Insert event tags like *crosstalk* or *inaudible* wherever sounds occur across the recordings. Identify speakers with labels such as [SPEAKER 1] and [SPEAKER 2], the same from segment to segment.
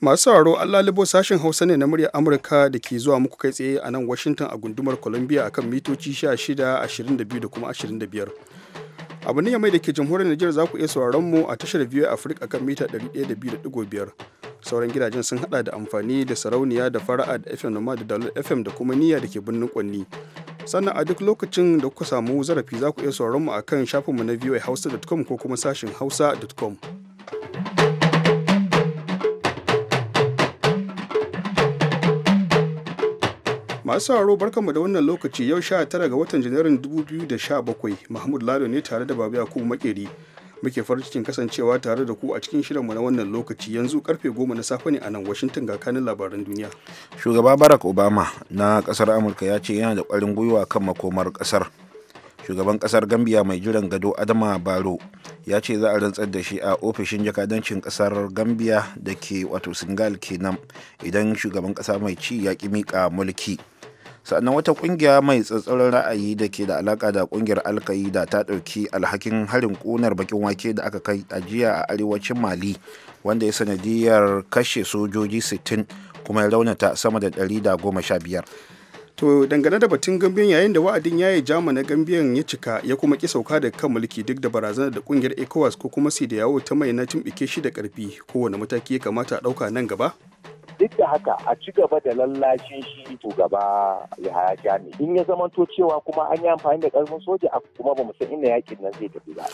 [SPEAKER 1] masu sauraro an lalibo sashen hausa ne na muryar amurka da ke zuwa muku kai tsaye a nan washington a gundumar columbia akan mitoci 16 22 da kuma abu ne mai da ke jamhuriyar Nijar za ku iya sauraron mu a tashar biyu Afirka kan mita 102.5 sauran gidajen sun hada da amfani da sarauniya da fara'a da FM Noma da Dalol FM da kuma niyya da ke birnin Kwanni sannan a duk lokacin da kuka samu zarafi za ku iya sauraron mu akan shafinmu na voahausa.com ko kuma sashin hausa.com masu sauraro barkanmu da wannan lokaci yau 19 ga watan janairun 2017 mahmud lado ne tare da babu yakubu makeri muke farin cikin kasancewa tare da ku a cikin shirinmu na wannan lokaci yanzu karfe 10 na safe ne a nan washington ga kanin labaran duniya
[SPEAKER 2] shugaba barack obama na kasar amurka ya ce yana da kwarin gwiwa kan makomar kasar shugaban kasar gambia mai jiran gado adama baro ya ce za a rantsar da shi a ofishin jakadancin kasar gambia da ke wato singal kenan idan shugaban kasa mai ci ya ki mika mulki sannan wata kungiya mai tsatsarar ra'ayi da ke da alaka da kungiyar alkaida ta ɗauki alhakin harin ƙunar bakin wake da aka kai a jiya a arewacin mali wanda ya sanadiyar kashe sojoji 60 kuma ya raunata sama da 115
[SPEAKER 1] to dangane da batun gambiyan yayin da wa'adin yayi jama na gambiyan ya cika ya kuma ki sauka da kan mulki duk da barazanar da kungiyar ecowas ko kuma si da yawo ta mai na tumbike shi da karfi kowane mataki ya kamata a ɗauka nan gaba
[SPEAKER 3] duk da haka a ci gaba da lallashin shi ya Yahaya Jami in ya zamanto cewa kuma an yi amfani da karfin soja a kuma ba san inda yakin nan zai tafi ba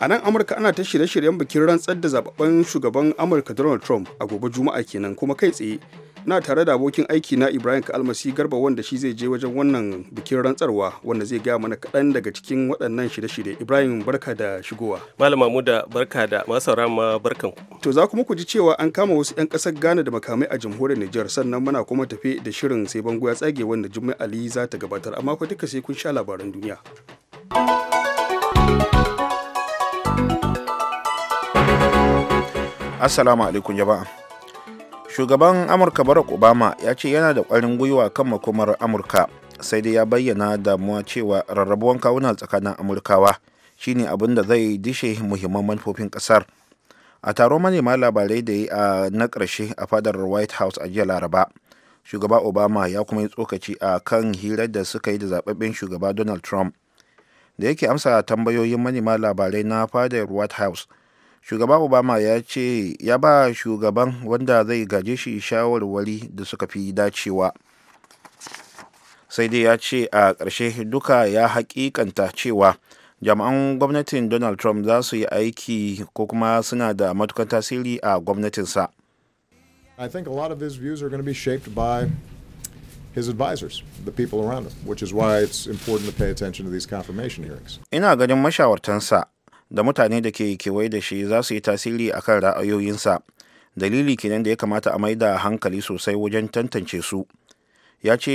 [SPEAKER 1] a nan amurka ana ta shirye-shiryen bikin rantsar da zababben shugaban amurka donald trump a gobe juma'a kenan kuma kai tsaye na tare da abokin aiki na ibrahim almasi garba wanda shi zai je wajen wannan bikin rantsarwa wanda zai gaya mana kaɗan daga cikin waɗannan shirye-shirye ibrahim barka da shigowa
[SPEAKER 4] malam mamuda barka da masu rama barkan
[SPEAKER 1] to za kuma ku ji cewa an kama wasu 'yan kasar ghana da makamai a jamhuriyar niger sannan muna kuma tafe da shirin sai bango ya tsage wanda jimmy ali za ta gabatar amma fa duka sai kun sha labaran duniya
[SPEAKER 2] assalamu alaikum jama'a shugaban amurka barack obama ya ce yana da kwarin gwiwa kan makomar amurka sai dai ya bayyana damuwa cewa rarrabuwan kawuna tsakanin amurkawa shine abin da zai dishe muhimman manufofin kasar a taron manema labarai da yi a na karshe a fadar white house a jiya laraba shugaba obama ya kuma yi tsokaci a kan hirar da suka yi da zababben shugaba donald trump da yake amsa tambayoyin manema labarai na fadar white house shugaba obama ya ce ya ba shugaban wanda zai gaje shi shawarwari da suka fi dacewa sai dai ya ce a ƙarshe duka ya haƙiƙanta cewa jami'an gwamnatin donald trump za su yi aiki ko kuma suna da matukan tasiri a gwamnatinsa
[SPEAKER 5] i think a lot of his views are going to be shaped by his advisors, the people around him, which is why it's important to pay attention to these confirmation hearings.
[SPEAKER 2] Ina ganin mashawartansa da mutane da ke kewaye da shi za su yi tasiri a kan ra'ayoyinsa dalili kenan da ya kamata a maida hankali sosai wajen tantance su ya ce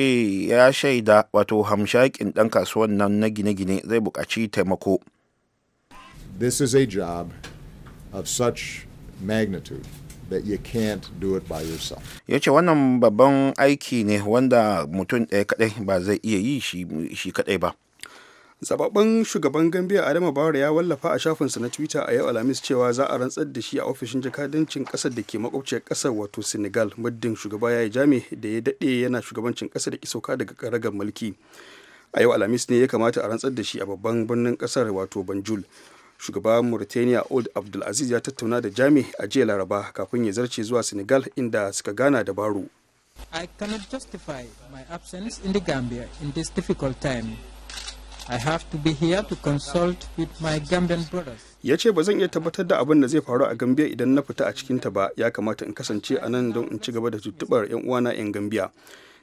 [SPEAKER 2] ya shaida wato hamshakin ɗan kasuwan nan na gine-gine zai buƙaci taimako this is a job of such magnitude that you can't do it by yourself. Ya ce wannan babban aiki ne wanda mutum ɗaya kaɗai ba zai iya yi shi kaɗai ba.
[SPEAKER 1] zababben shugaban gambia adama bawar ya wallafa a shafinsa na twitter a yau alhamis cewa za a rantsar da shi a ofishin jakadancin kasar da ke makwabciyar kasar wato senegal muddin shugaba ya yi jami da ya daɗe yana shugabancin kasa da ki daga karagar mulki a yau alhamis ne ya kamata a rantsar da shi a babban birnin kasar wato banjul shugaba mauritania old abdulaziz ya tattauna da jami a jiya laraba kafin ya zarce zuwa senegal inda suka gana da baro
[SPEAKER 5] I cannot justify my absence in the Gambia in this difficult time I have to be here to consult with my Gambian brothers.
[SPEAKER 1] Ya ce ba zan iya tabbatar da abin da zai faru a Gambia idan na fita a cikinta ba, ya kamata in kasance a nan don in ci gaba da tuttubar 'yan uwana 'yan Gambia.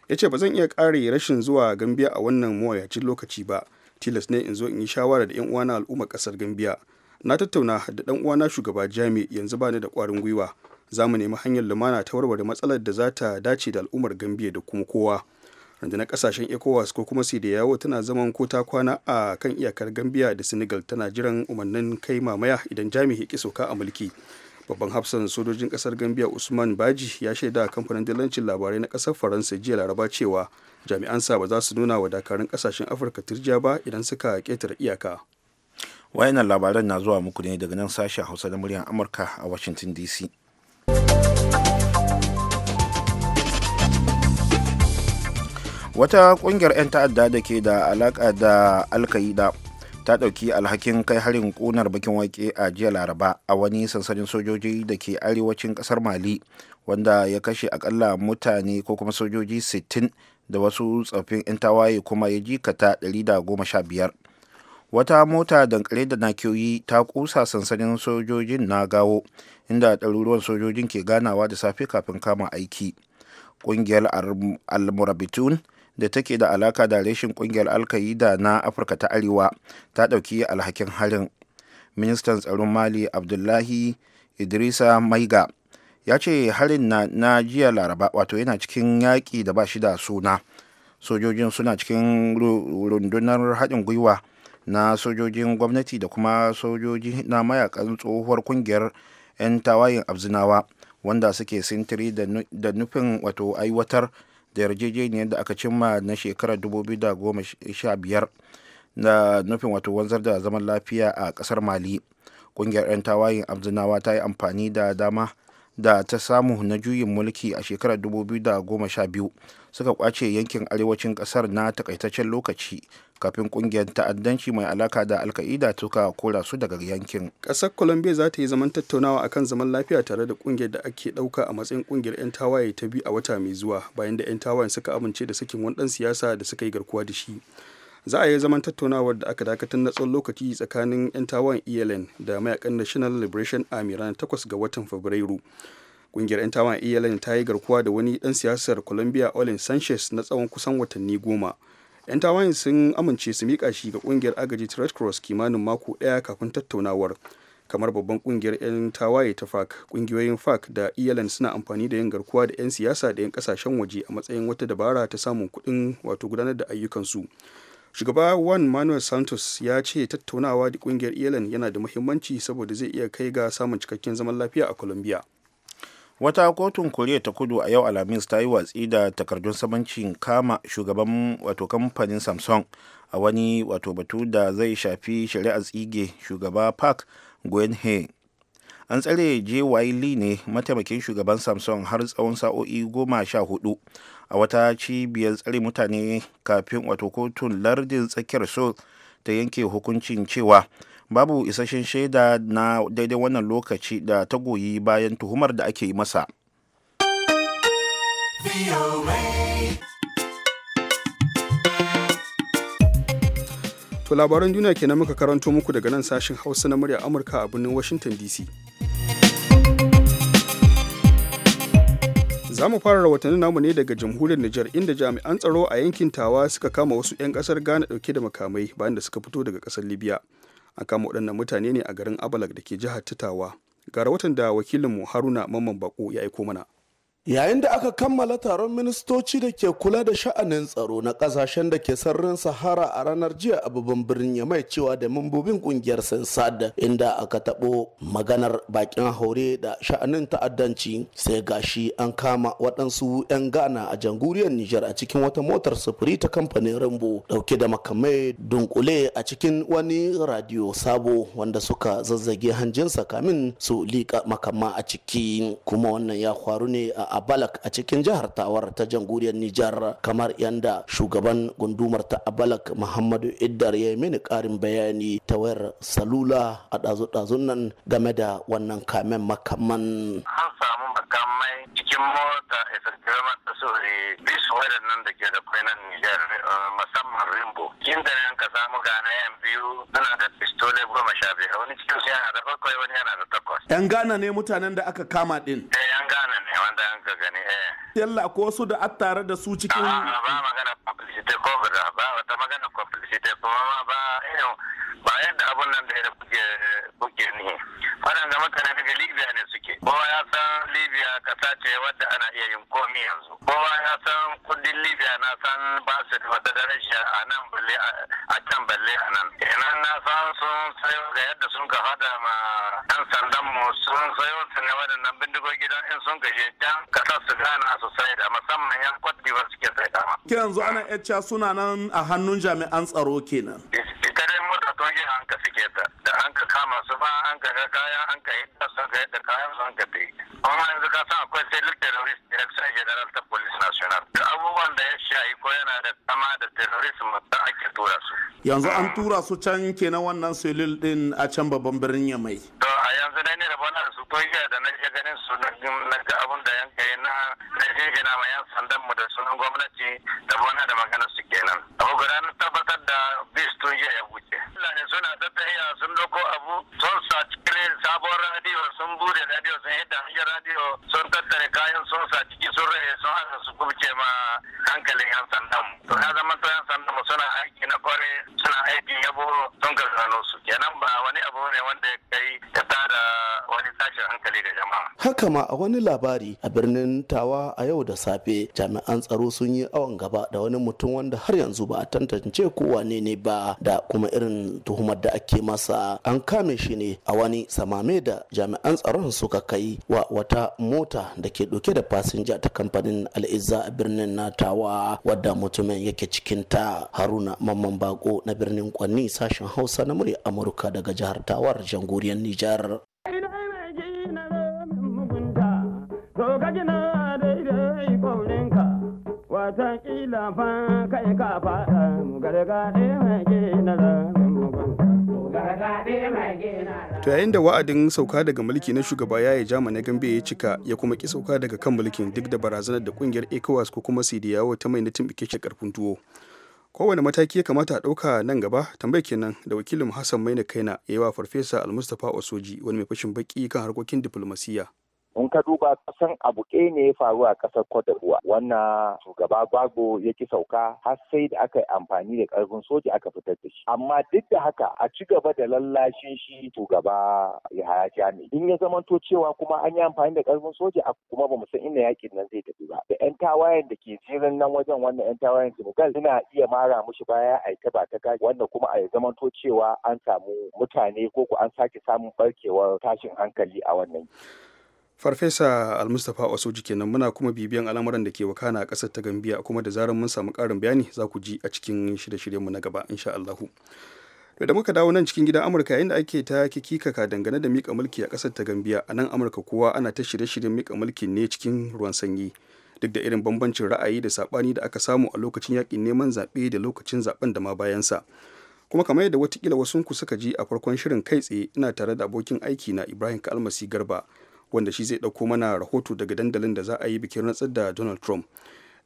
[SPEAKER 1] Ya ce ba zan iya ƙare rashin zuwa Gambia a wannan mawayacin lokaci ba, tilas ne in zo in yi shawara da 'yan uwana al'umma ƙasar Gambia. Na tattauna da ɗan uwana shugaba Jami yanzu ba ni da ƙwarin gwiwa. Za mu nemi hanyar lumana ta warware matsalar da za ta dace da al'ummar Gambia da kuma kowa. rundunar kasashen ecowas ko kuma da yawo tana zaman ko ta kwana a kan iyakar gambia da senegal tana jiran umarnin kai mamaya idan jami'i ki soka a mulki babban hafsan sojojin kasar gambia usman baji ya shaida kamfanin dalancin labarai na kasar faransa jiya laraba cewa jami'ansa ba za su nuna wa dakarun kasashen afirka turjiya ba idan suka
[SPEAKER 2] ketare iyaka wayannan labaran na zuwa muku ne daga nan sashen hausa da muryar amurka a washington dc wata kungiyar 'yan ta'adda da ke da alaka da alkaida ta ɗauki alhakin kai harin ƙunar bakin wake a jiya laraba a wani sansanin sojoji da ke arewacin ƙasar mali wanda ya kashe akalla mutane ko kuma sojoji 60 da wasu tsoffin 'yan tawaye kuma ya jikata 115 wata mota dankare da na nakiyoyi ta kusa sansanin sojojin na gawo inda ɗaruruwan sojojin ke ganawa da safe kafin kama aiki ƙungiyar almurabitun al da take da alaka da reshin kungiyar alkaida na afirka ta arewa ta ɗauki alhakin harin ministan tsaron mali abdullahi idrisa maiga ya ce harin na, na jiya laraba wato yana cikin yaƙi da ba shi da suna sojojin suna cikin rundunar haɗin gwiwa na sojojin gwamnati da kuma sojoji na mayakan tsohuwar kungiyar 'yan tawayin abzinawa wanda suke sintiri da nufin wato aiwatar da yarjejeniyar da aka cimma na shekarar 2015 na nufin wato wanzar da zaman lafiya a kasar mali kungiyar 'yan tawayin abzinawa ta yi amfani da dama da ta samu na juyin mulki a shekarar 2012 suka kwace yankin arewacin kasar na takaitaccen lokaci kafin kungiyar ta'addanci mai alaka da alka'ida tuka kora su daga yankin
[SPEAKER 1] kasar colombia za ta yi zaman tattaunawa akan zaman lafiya tare da kungiyar da ake dauka a matsayin kungiyar 'yan tawaye ta biyu a wata mai zuwa bayan da 'yan tawayen suka amince da sakin wani dan siyasa da suka yi garkuwa da shi za a yi zaman tattaunawar da aka dakatar na tsawon lokaci tsakanin 'yan tawayen eln da mayakan national liberation army ranar 8 ga watan fabrairu kungiyar 'yan tawon eln ta yi garkuwa da wani dan siyasar colombia olin sanchez na tsawon kusan watanni goma 'yan tawayen sun amince su mika shi ga kungiyar agaji red cross kimanin mako daya kafin tattaunawar kamar babban kungiyar 'yan tawaye ta fac kungiyoyin fac da eln suna amfani da yin garkuwa da 'yan siyasa da 'yan kasashen waje a matsayin wata dabara ta samun kuɗin wato gudanar da ayyukansu shugaba juan manuel santos ya ce tattaunawa da kungiyar eln yana da muhimmanci saboda zai iya kai ga samun cikakken zaman lafiya a colombia
[SPEAKER 2] wata kotun koriya ta kudu a yau alhamis ta yi watsi da takardun sabancin kama shugaban wato kamfanin samsung a wani wato batu da zai shafi shari'a tsige shugaba park gwen an tsare jy ne mataimakin shugaban samsung har tsawon sa'o'i goma sha hudu a wata cibiyar tsare mutane kafin wato kotun lardin tsakiyar seoul ta yanke hukuncin cewa babu isasshen shaida na daidai wannan lokaci da ta goyi bayan tuhumar da ake yi masa To
[SPEAKER 6] labaran
[SPEAKER 1] duniya kenan muka karanto muku daga nan sashen Hausa na murya Amurka a birnin Washington DC. Za mu fara rawatanni namu ne daga jamhuriyar Nijar inda jami'an tsaro a yankin Tawa suka kama wasu 'yan kasar Ghana dauke da makamai bayan da suka fito daga kasar Libya. an kama waɗannan mutane ne a garin abalak da ke jihar titawa ga watan da wakilinmu haruna mamman bako ya aiko mana
[SPEAKER 7] yayin da aka kammala taron ministoci da ke kula da sha'anin tsaro na kasashen da ke sararin sahara a ranar jiya a babban birnin ya mai cewa da mambobin kungiyar sansad inda aka taɓo maganar bakin haure da sha'anin ta'addanci sai gashi an kama waɗansu 'yan ghana a janguriyar nijar a cikin wata motar sufuri ta kamfanin rambo ɗauke da makamai dunkule a cikin wani radio sabo wanda suka zazzage hanjinsa kamin su liƙa makama a ciki kuma wannan ya faru ne a a Balak a cikin jihar Tawar ta jamhuriyar Nijar kamar yanda shugaban gundumar ta Abalak Muhammadu Iddar ya yi mini karin bayani ta wayar salula a dazu-dazun nan game da wannan kamen makaman.
[SPEAKER 6] An cikin mota da ke eh, ka samu yan biyu
[SPEAKER 7] Ghana ne mutanen da aka kama ɗin. Eh,
[SPEAKER 6] yan Ghana ne wanda an ka gani eh
[SPEAKER 7] yalla ko wasu da an tare da su cikin ba
[SPEAKER 6] magana complicity ko ba wata magana complicity kuma ba irin ba yadda abun nan da ya kuke kuke ni ga mutane daga libya ne suke kowa ya san libya kasa ce wadda ana iya yin komi yanzu kowa ya san kudin libya na san ba su da wata daraja a nan balle a can balle a nan kenan na san sun sayo ga yadda sun ka fada ma ɗan sandan mu sun sayo su ne waɗannan bindigo gidan in sun gaje can kasar su gana su sai da musamman yan kwaddi ba suke
[SPEAKER 7] sai da ma. yanzu ana yacca suna nan a hannun jami'an tsaro kenan.
[SPEAKER 6] ita dai don shi an ka sike ta da an ka kama su ba an ka ga kaya an ka yadda sun ka yadda kayan su an ka ta yi kuma yanzu ka san akwai sai lit terrorist direction general ta police national da abubuwan da ya shayi ko yana da kama da terrorism da ake tura su
[SPEAKER 7] yanzu an tura su can kenan wannan selil din a can babban birnin yamai
[SPEAKER 6] to a yanzu dai ne da bana su to da na je ganin su na ga abun da yanka na na je gina ma yan sandan mu da sunan gwamnati da bana da magana su kenan abu guda na tabbata sun saci kirin sabon radio sun bude radio sun hidda hanyar radio sun tattare kayan sun saci ciki sun rage sun haka su kubce ma hankalin yan sandan to ya zama to yan sandan suna aiki na kware suna aikin yabo sun gano su kenan ba wani abu ne wanda ya hankali da
[SPEAKER 7] jama'a. Haka ma a wani labari a birnin Tawa a yau da safe jami'an tsaro sun yi awon gaba da wani mutum wanda har yanzu ba a tantance ko wane ne ba da kuma irin tuhumar da ake masa an kame shi ne a wani samame da jami'an tsaron suka kai wa wata mota da ke ɗauke da fasinja ta kamfanin al'izza a birnin na Tawa wadda mutumin yake cikin ta Haruna Mamman Bako na birnin Kwanni sashen Hausa na murya Amurka daga jihar Tawar jamhuriyar Nijar.
[SPEAKER 3] kila kai ka fada mu gargaɗe mai gina
[SPEAKER 1] To yayin da wa'adin sauka daga mulki na shugaba ya yi jama na gambe ya cika ya kuma ki sauka daga kan mulkin duk da barazanar da kungiyar ECOWAS ko kuma yawo ta mai na bike shi karfin tuwo. Kowane mataki ya kamata a ɗauka nan gaba tambayar kenan da wakilin Hassan Maina Kaina ya yi wa Farfesa Almustapha Osoji wani mai fashin baki kan harkokin diflomasiyya.
[SPEAKER 3] in ka duba kasan abu ke ne ya faru a ƙasar Cote wannan shugaba Gbagbo ya ki sauka har sai da aka yi amfani da ƙarfin soja aka fitar da shi amma duk da haka a ci gaba da lallashin shi shugaba ya haya Jami in ya zamanto cewa kuma an yi amfani da ƙarfin soja kuma bamu san ina yakin nan zai tafi ba da ƴan tawayen da ke jirin nan wajen wannan ƴan tawayen Senegal suna iya mara mushi baya a ta ba ta kai wanda kuma a zamanto cewa an samu mutane ko ko an sake samun barkewar tashin hankali a wannan
[SPEAKER 1] farfesa almustapha osoji kenan muna kuma bibiyan al'amuran da ke wakana a ƙasar ta gambiya kuma da zarar mun samu ƙarin bayani za ku ji a cikin shirye mu na gaba insha allahu da muka dawo nan cikin gidan amurka yayin da ake ta kikikaka dangane da mika mulki a ƙasar ta gambiya a nan amurka kowa ana ta shirye-shiryen mika mulki ne cikin ruwan sanyi duk da irin bambancin ra'ayi da saɓani da aka samu a lokacin yakin neman zaɓe da lokacin zaɓen da ma bayansa kuma kamar yadda watakila wasunku suka ji a farkon shirin kai tsaye ina tare da abokin aiki na ibrahim kalmasi garba wanda shi zai ɗauko mana rahoto daga dandalin da za a yi bikin rantsar da donald trump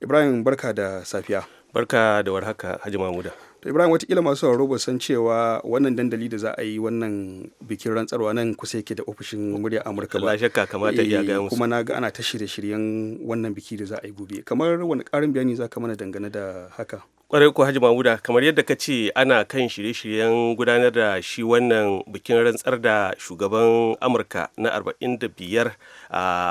[SPEAKER 1] ibrahim
[SPEAKER 4] barka da safiya barka da warhaka haji mahmuda
[SPEAKER 1] to ibrahim watakila masu sauraro ba san cewa wannan dandali da za a yi wannan bikin rantsarwa nan kusa yake da ofishin murya amurka ba shakka
[SPEAKER 4] kamata iya ga eh, kuma na
[SPEAKER 1] ga ana ta shirye-shiryen wannan biki da za a yi gobe kamar wani karin bayani za ka mana dangane da haka
[SPEAKER 4] kwarai ku hajji mamuda kamar yadda ka ce ana kan shirye-shiryen gudanar da shi wannan bikin rantsar da shugaban amurka na 45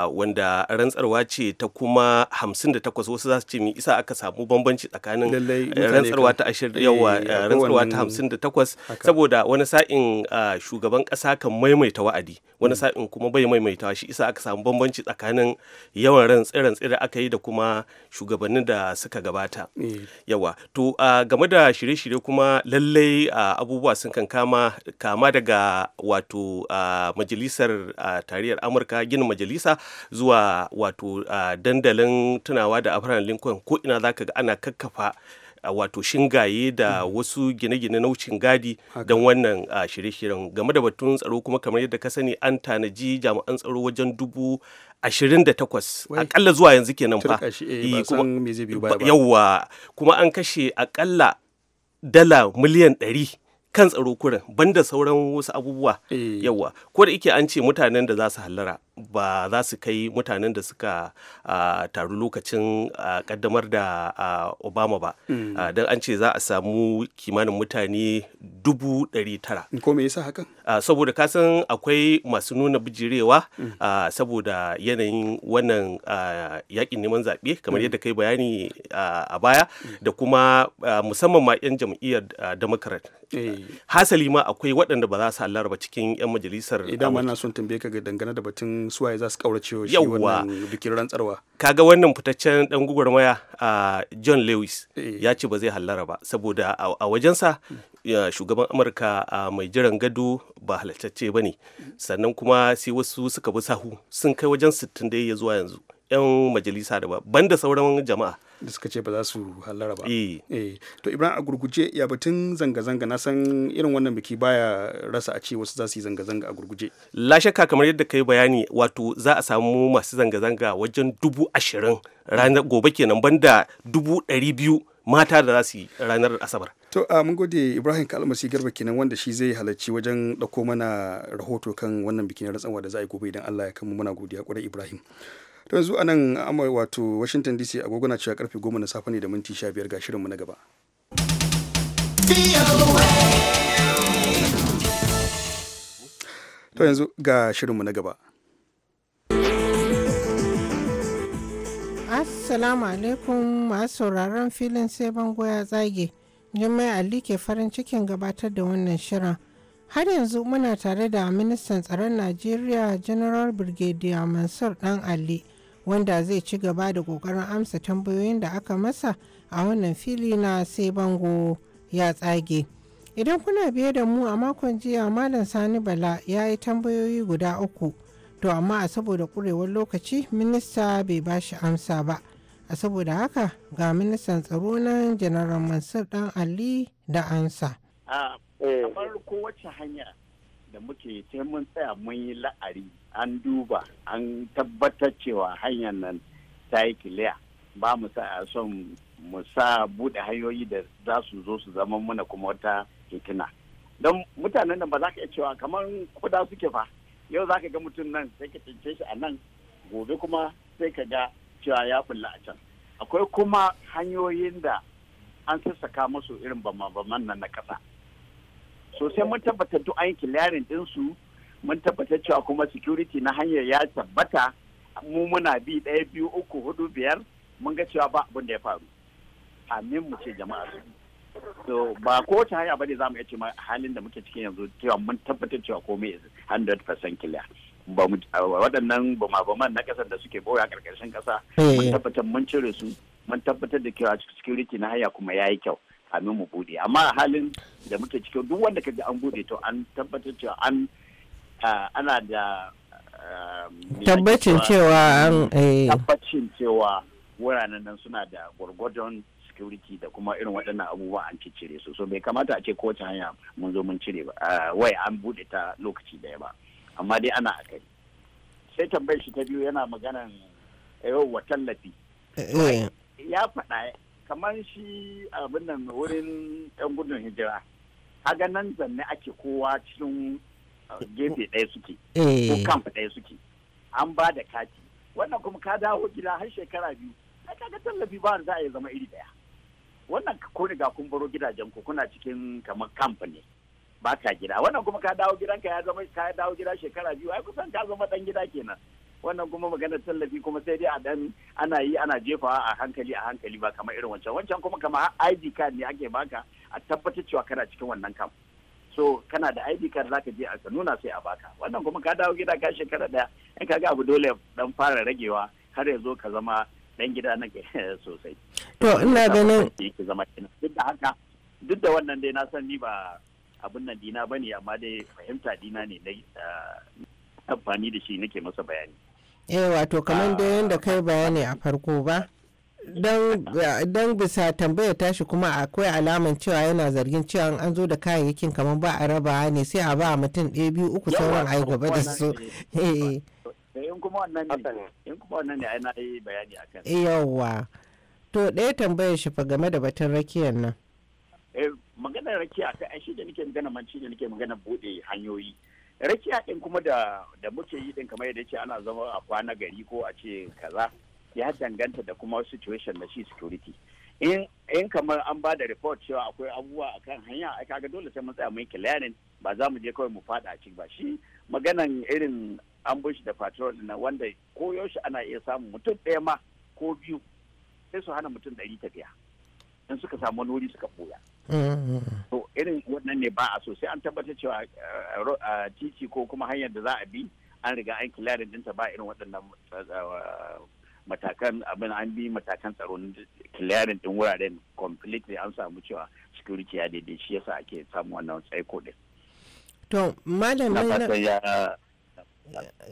[SPEAKER 4] wanda rantsarwa ce ta kuma 58 wasu za su ce mi isa aka samu bambanci tsakanin eh, rantsarwa ta yawa rantsarwa ta 58 saboda wani sa'in shugaban kasa kan maimaita wa'adi wani mm. sa'in kuma bai maimaita shi isa aka samu bambanci tsakanin yawan rantsi-rantsi da aka yi da kuma shugabannin da suka gabata eh. yawa to a game da shirye-shirye kuma lallai abubuwa sun kan kama kama daga wato majalisar tariyar amurka ginin majalisa zuwa wato dandalin tunawa da abraham lincoln ko ina zaka ga ana kakkafa wato shingaye da mm. wasu gine-gine na wucin gadi don wannan shirye-shiryen game da batun tsaro kuma kamar yadda ka sani an tanaji jami'an tsaro wajen dubu ashirin da takwas akalla zuwa yanzu kenan fa eh, eh, yawwa kuma an kashe akalla dala miliyan ɗari kan tsaro kurin banda sauran wasu abubuwa eh. yawwa ko da ike an ce mutanen da za su hallara ba za su kai mutanen da suka taru lokacin kaddamar da obama ba mm. don an ce za a samu kimanin mutane dubu ɗari tara
[SPEAKER 1] ko me yasa hakan
[SPEAKER 4] saboda kasan akwai masu nuna bijirewa mm. saboda yanayin wannan yakin neman zaɓe kamar mm. yadda kai bayani a baya da kuma musamman ma 'yan jam'iyyar democrat eh. hasali ma akwai waɗanda ba za su hallara ba cikin 'yan majalisar idan eh, na son tambaye ka ga dangane da batun ganin suwaye za su kaurace shi wannan bikin rantsarwa kaga wannan fitaccen dan gugurmaya a John Lewis eh. ya ce ba zai hallara ba saboda a wajensa shugaban Amurka mai jiran gado ba halartacce ba ne mm. sannan kuma sai wasu suka bi sahu sun kai wajen 60 da ya zuwa yanzu 'yan majalisa da ba banda sauran jama'a da suka ce ba za su hallara ba eh. eh to ibrahim a gurguje ya batun zanga-zanga na san irin wannan biki baya rasa a ce wasu za su yi zanga-zanga a gurguje la shakka kamar yadda kai bayani wato za a samu masu zanga-zanga wajen dubu ashirin ranar gobe kenan banda dubu ɗari biyu mata da za su yi ranar asabar
[SPEAKER 1] to a mun gode ibrahim kalmasi garba kenan wanda shi zai halarci wajen ɗauko mana rahoto kan wannan bikin ratsawa da za a yi gobe idan allah ya kama muna godiya kwarai ibrahim to yanzu a nan amai wato washington dc agogona cewa karfe goma na safe ne da minti sha biyar ga shirinmu na gaba to yanzu ga shirinmu na gaba
[SPEAKER 5] assalamu alaikum masu sauraron filin sai bango ya zage jimai ali ke farin cikin gabatar da wannan shirin har yanzu muna tare da ministan tsaron najeriya general brigadier mansur dan ali wanda zai ci gaba da ƙoƙarin amsa tambayoyin da aka masa a wannan fili na sai bango ya tsage. Idan kuna biye da mu a makon jiya Malam Sani Bala ya yi tambayoyi guda uku, to amma a saboda ƙurewar lokaci minista bai ba shi amsa ba. A saboda haka ga ministan tsaro nan Janaral Mansur Dan Ali da ansa.
[SPEAKER 6] A
[SPEAKER 3] farko eh. wacce hanya da muke sai mun tsaya mun yi la'ari an duba an tabbatar cewa hanyar nan ta yi kiliya ba mu sa son mu sa buɗe hanyoyi da za su zo su zama muna kuma wata fitina don mutanen da ba za ka iya cewa kamar kuda suke fa yau za ka ga mutum nan sai ka cince shi a nan gobe kuma sai ka ga cewa ya bulla a can akwai kuma hanyoyin da an sassaka masu irin bama-baman nan na kasa sosai mun tabbatar duk an clearing din su mun tabbatar cewa kuma security na hanyar ya tabbata mu muna bi ɗaya biyu uku hudu biyar mun ga cewa ba abin da ya faru amin mu ce jama'a so ba kowace hanya ba ne za mu iya cewa halin da muke cikin yanzu cewa mun tabbatar cewa komai 100% clear ba mu waɗannan man na ƙasar da suke boya ƙarƙashin ƙasa mun eh. tabbatar mun cire su mun tabbatar da cewa security na hanya kuma ya yi kyau kamin mu bude amma halin da muke cikin duk wanda kaga an bude to an tabbatar cewa an ana da um, tabbacin cewa an eh. tabbacin cewa wuraren nan suna da gwargwadon security da kuma irin waɗannan abubuwa an ciccire su so bai kamata a ce kowace hanya mun zo mun cire ba wai an bude ta lokaci daya ba amma dai ana a kai sai tambayar shi ta biyu yana maganan eh, yau wa tallafi eh, ya faɗa kamar shi abin nan wurin yan gudun hijira haga nan zanne ake kowa cikin uh, gefe ɗaya suke ko kamfa eh. ɗaya suke an ba da kati wannan kuma ka dawo gida har shekara biyu na kaga tallafi ba za a yi zama iri ɗaya wannan ko riga kun baro gidajen ku kuna cikin kamar kamfa ne ba ka gida wannan kuma ka dawo gidanka ya zama ka dawo gida shekara biyu ai kusan ka zama dan gida kenan wannan kuma magana tallafi kuma sai dai a dan ana yi ana jefawa a hankali a hankali ba kamar irin wancan wancan kuma kamar ID card ne ake baka a tabbatar cewa kana cikin wannan kam so kana da ID card zaka je a nuna sai a baka wannan kuma ka dawo gida ka shekara daya in kaga abu dole dan fara ragewa har ya zo ka zama dan gida na *laughs* sosai
[SPEAKER 5] to ina ganin
[SPEAKER 3] yake zama duk da haka duk da wannan dai na san ni ba abin nan dina bane amma dai fahimta dina ne na eh, amfani da shi nake masa bayani
[SPEAKER 5] eh wato kamar ah. da yadda kai bayani a farko ba don bisa tambaya tashi kuma akwai alaman cewa yana zargin cewa an zo da kayayyakin kamar ba a raba ne sai a ba mutum ɗaya biyu uku sauran a yi gaba da su eh. eh, Yawwa, to ɗaya tambayar shi fa game da batun rakiyar nan
[SPEAKER 3] eh, maganar rakiya ta ai shi da nake magana man shi da nake magana bude hanyoyi rakiya ɗin kuma da da muke yi din kamar yadda ce ana zama a kwana gari ko a ce kaza ya danganta da kuma situation na shi security in in kamar an ba da report cewa akwai abubuwa akan hanya ai kaga dole sai mun tsaya mun clearing ba za mu je kawai mu faɗa a ciki ba shi maganan irin ambush da patrol na wanda ko yaushe ana iya samun mutum ɗaya ma ko biyu sai su hana mutum ɗari tafiya in suka samu wani wuri suka boya
[SPEAKER 6] to
[SPEAKER 3] irin wannan ne ba a so sai an tabbatar cewa eh, eh, titi ko kuma hanyar da za a bi an riga an kilarin dinta ba irin waɗannan eh, matakan abin an bi matakan tsaro kilarin din wuraren completely an samu cewa security ya daidai shi yasa ake samu wannan tsaiko din
[SPEAKER 5] to malamin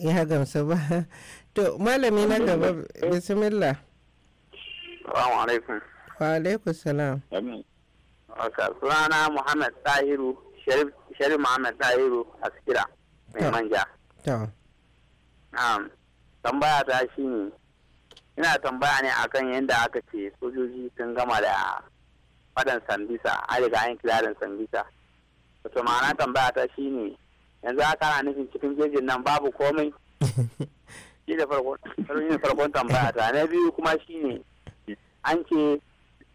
[SPEAKER 5] ya gamsu ba to malami na gaba bismillah wa alaikum salam
[SPEAKER 3] sunana Muhammad Tahiru Sharif Muhammad Tahiru a Sikira mai manja. Tambaya ta shi ne ina tambaya ne akan yadda aka ce sojoji sun gama da fadan sambisa an riga an kilarin sambisa. Wato ma'ana tambaya ta shi ne yanzu aka na nufin cikin jejin nan babu komai. *laughs* Shi da farkon tambaya ta na biyu kuma shi ne an ce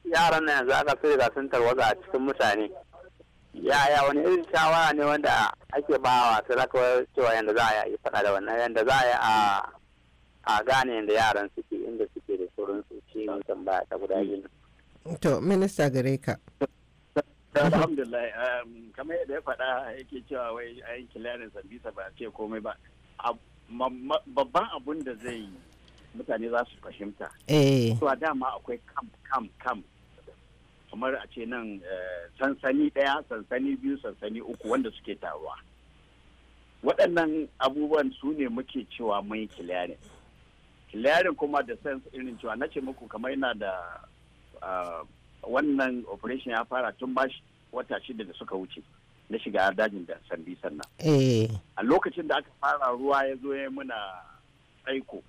[SPEAKER 3] yaran na yanzu aka fi riga sun tarwaza a cikin mutane yaya wani irin shawara ne wanda ake bawa talakawar cewa yadda za a yi faɗa da wannan yadda za a yi a gane yadda yaran suke inda suke da sauran su shi ne tambaya ta guda biyu.
[SPEAKER 5] to minista gare ka.
[SPEAKER 3] Um, kamar yadda ya faɗa yake cewa wai a yi kilarin ba ce komai ba babban abun da zai yi mutane za su fahimta. Eh. Cewa dama akwai kam kam kam kamar a ce nan eh, sansani ɗaya sansani biyu sansani uku wanda suke taruwa waɗannan abubuwan su ne muke cewa mun kilarin kilarin kuma da sense irin cewa na ce muku kamar yana da ah, wannan operation ya fara tun ba wata shida da suka wuce na shiga dajin da sandi sannan eh. a lokacin da aka fara ruwa ya zo ya muna tsaiko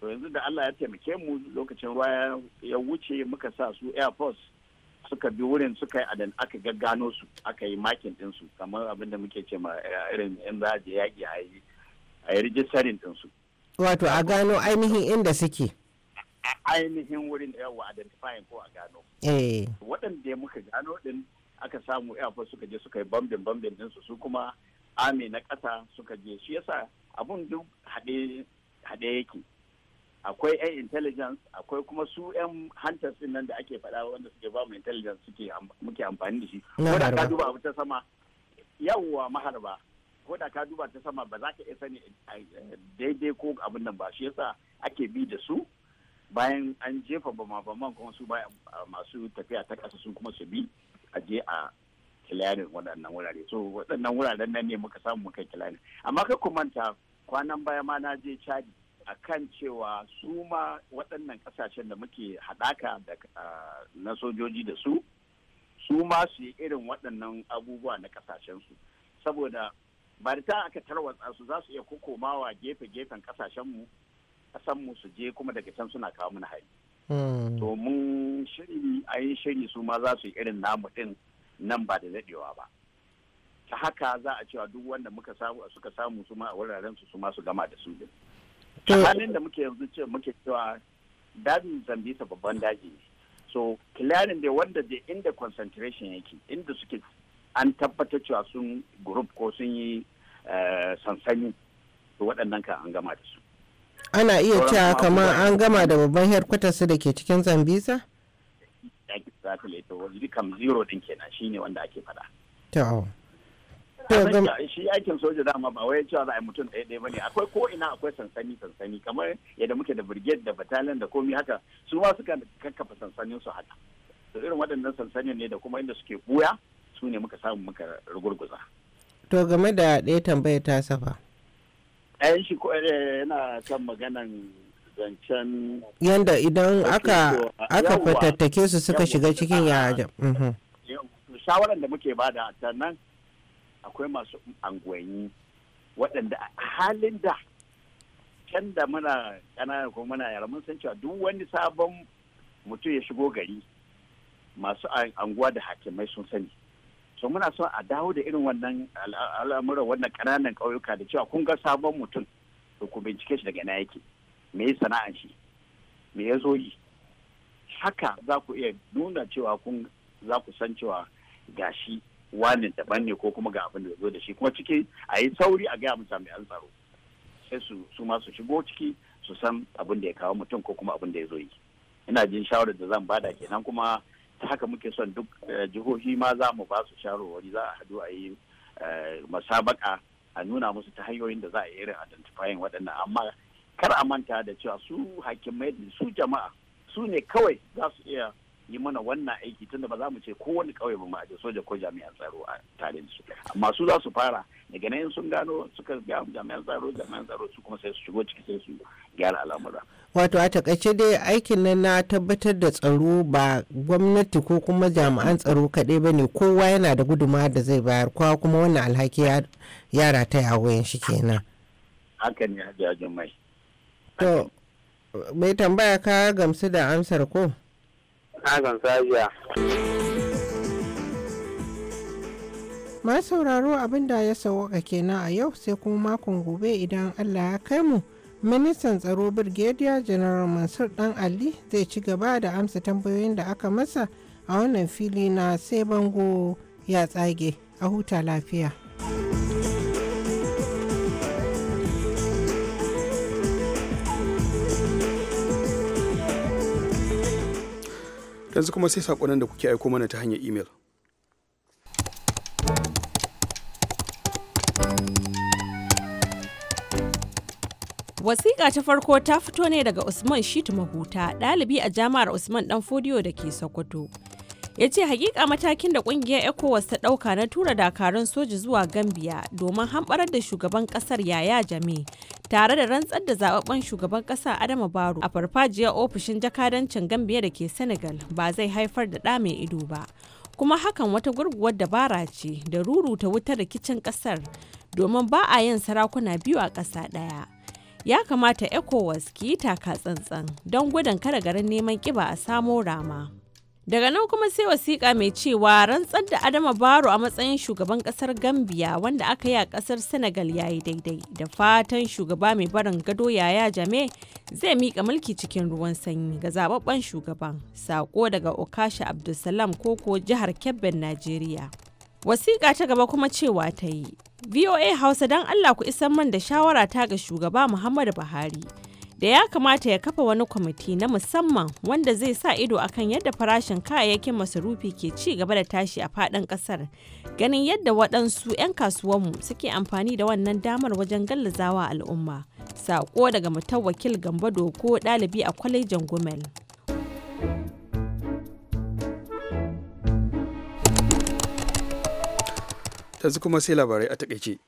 [SPEAKER 3] to yanzu da allah ya taimake mu lokacin ruwa ya wuce muka sa su air force suka bi wurin suka yi adan aka gaggano su aka yi makin ɗinsu kamar abin da muke ce ma eh, irin in za je yaƙi a yi rijistarin su.
[SPEAKER 5] Wato a gano ainihin inda suke.
[SPEAKER 3] Ainihin wurin da yawa identifying ko a gano. Eh. Waɗanda muka gano din aka samu yafa suka je suka yi bambin bambin ɗinsu su kuma ami na ƙasa suka je shi yasa abun duk haɗe yake akwai 'yan intelligence akwai kuma su 'yan hunters din nan da ake faɗa wanda suke ba mu intelligence suke muke amfani da shi ko da ka duba abu ta sama yawwa maharba ko da ka duba ta sama ba za ka iya sani eh, daidai ko abin nan ba shi yasa ake bi da su bayan an jefa bama baman kuma su bayan masu tafiya ta ƙasa su kuma su bi a je a kilanin waɗannan wurare so waɗannan wuraren nan ne muka samu muka kilanin amma kai ku manta kwanan baya ma na je chadi a kan cewa su ma waɗannan ƙasashen da muke haɗaka na sojoji da su su ma su yi irin waɗannan abubuwa na su saboda ba da ta aka tarwatsa su za su iya kokomawa gefe-gefen ƙasashenmu ƙasanmu su je kuma daga can suna kawo mana hari
[SPEAKER 6] hmm. to
[SPEAKER 3] mun shiri a yi shiri su ma za su yi irin namu ɗin nan ba da daɗewa ba ta haka za a cewa duk wanda muka samu suka samu su ma a wuraren su su ma su gama da su din halin da muke yanzu ce muke cewa dajin zambisa babban daji ne so clearing da wanda je inda concentration yake inda suke an tabbatar cewa sun group ko sun yi eh, sansani to waɗannan kan an gama da su
[SPEAKER 5] ana iya cewa kamar an gama da babban headquarters da ke cikin zambisa
[SPEAKER 3] exactly to kam zero din kenan shine wanda ake
[SPEAKER 5] faɗa.
[SPEAKER 3] shi aikin soja dama ba wai cewa za a yi mutum ɗaya ɗaya bane akwai ko ina akwai sansani sansani kamar yadda muke da brigade da battalion da komi haka su ma suka kakkafa sansanin su haka to irin waɗannan sansanin ne da kuma inda suke buya su ne muka samu muka rugurguza
[SPEAKER 5] to game da ɗaya tambaya ta safa
[SPEAKER 3] ɗayan shi eh, yana kan maganan zancen
[SPEAKER 5] yanda idan aka aka fatattake su suka shiga cikin ya ah, mhm.
[SPEAKER 3] shawaran da muke bada a nan akwai masu angwanyi waɗanda halin da can da muna ƙananan kuma muna yara mun san cewa duk wani sabon mutum ya shigo gari masu anguwa da hakimai sun sani so muna son a dawo da irin wannan al'amuran wannan ƙananan ƙauyuka da cewa kun ga sabon mutum to ku bincike shi daga na yake me ya sana'an shi me ya zo yi haka za ku iya nuna cewa kun za ku san cewa gashi wani daban ne ko kuma ga abin da zo da shi kuma ciki a yi sauri a gaya mu jami'an tsaro sai su su ma su shigo ciki su san abin da ya kawo mutum ko kuma abin da ya zo yi ina jin shawarar da zan bada kenan kuma ta haka muke son duk eh, jihohi ma za mu ba su shawarwari za a hadu a yi eh, masabaka a nuna musu ta hanyoyin da za a irin identifying waɗannan amma kar a manta da cewa su hakimai su jama'a su ne kawai za su iya yi mana wannan aiki tunda ba za mu ce kowane ƙauye ba ma'aje soja ko jami'an tsaro a tare da su amma su za su fara daga nan sun gano suka ga jami'an tsaro jami'an tsaro su kuma sai su shigo ciki sai su gyara al'amura
[SPEAKER 5] wato a takaice dai aikin nan na tabbatar da tsaro ba gwamnati ko kuma jami'an tsaro kaɗai ba ne kowa yana da guduma da zai bayar kowa kuma wannan alhaki yara ta yawoyin shi kenan
[SPEAKER 3] hakan ya jajin mai
[SPEAKER 5] to mai tambaya ka gamsu da amsar ko
[SPEAKER 6] Hassan Sajiya.
[SPEAKER 5] Ma sauraro abin da ya sauwaka kenan a yau sai kuma makon gobe idan Allah ya kai mu. Ministan tsaro Birgediya General Mansur Dan Ali zai ci gaba da amsa tambayoyin da aka masa a wannan fili na sai bango ya tsage a huta lafiya.
[SPEAKER 1] yanzu kuma sai saƙonan da kuke aiko mana ta hanyar imel.
[SPEAKER 8] Wasiƙa ta farko ta fito ne daga Usman Shitu Mahuta, ɗalibi a jami'ar Usman ɗan Fodiyo da ke Sokoto. Ya ce hakika matakin da ƙungiyar ECOWAS ta ɗauka na tura dakarun soji zuwa gambiya domin hamɓarar da shugaban ƙasar Yaya Jame tare da rantsar da zababben shugaban kasa Adama Baro a farfajiya ofishin jakadancin Gambia da ke Senegal ba zai haifar da ɗa mai ido ba. Kuma hakan wata gurguwar dabara ce da ruruta wutar rikicin kasar domin ba a yin sarakuna biyu a ƙasa ɗaya. Ya kamata ECOWAS ki yi taka tsantsan don gudun kada garin neman kiba a samo rama. daga nan kuma sai wasiƙa mai cewa rantsar da adama baro a matsayin shugaban ƙasar gambia wanda aka yi a ƙasar senegal ya yi daidai da fatan shugaba mai barin gado yaya jame zai mika mulki cikin ruwan sanyi ga zababben shugaban sako daga okasha abdulsalam koko jihar kebbin najeriya wasiƙa ta gaba kuma cewa ta yi voa hausa don allah ku isan man da shawara ta ga shugaba muhammadu buhari da ya kamata ya kafa wani kwamiti na musamman wanda zai sa ido akan yadda farashin kayayyakin masarufi ke ci gaba da tashi a fadin kasar ganin yadda waɗansu 'yan kasuwanmu suke amfani da wannan damar wajen gallazawa al'umma saƙo daga mutawakil gamba doko ɗalibi a kwalejin gumel
[SPEAKER 1] yanzu kuma sai labarai a takaice.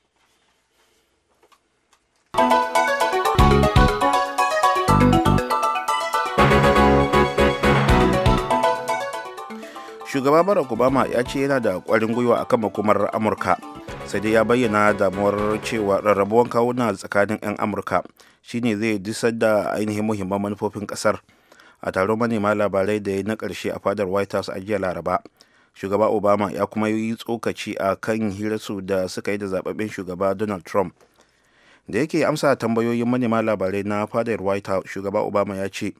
[SPEAKER 2] shugaba barack obama ya ce yana da kwarin gwiwa akan makomar amurka sai dai ya bayyana damuwar cewa rarrabuwan kawuna tsakanin 'yan amurka shine zai disar da ainihin muhimman manufofin kasar a taron manema labarai da ya na karshe a fadar white house a jiya laraba shugaba obama ya kuma yi tsokaci a kan hirarsu da suka yi da zababben shugaba donald trump da yake amsa tambayoyin manema labarai na fadar white house shugaba obama ya ce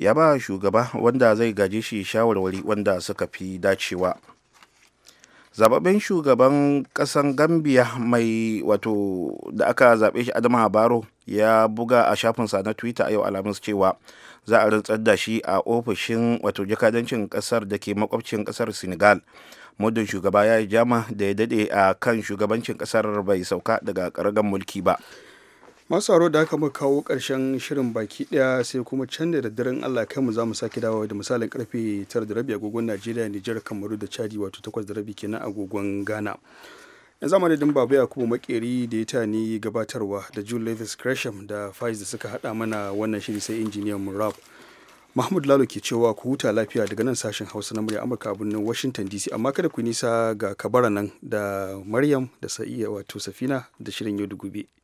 [SPEAKER 2] ya ba shugaba wanda zai gaji shi shawarwari wanda suka fi dacewa zababben shugaban kasan gambia mai wato da aka zaɓe shi adama baro ya buga a shafinsa na twitter a yau alhamis cewa za a rantsar da shi a ofishin wato jakadancin kasar da ke makwabcin kasar senegal muddin shugaba ya yi jama da ya dade a kan shugabancin kasar bai sauka daga karagan mulki ba masu aro da aka muka kawo karshen
[SPEAKER 1] shirin baki ɗaya sai kuma can da daddaren allah kai mu za mu sake dawowa da misalin karfe 9 da rabi agogon najeriya nijar kamaru da chadi wato 8 da rabi kenan agogon ghana yanzu amma da babu yakubu makeri da ya ta tani gabatarwa da june levis gresham da faiz da suka haɗa mana wannan shiri sai injiniyan murab mahmud lalo ke cewa ku huta lafiya daga nan sashen hausa na murya amurka a birnin washington dc amma kada ku nisa ga kabara nan da maryam da sa'iya wato safina da shirin yau da gobe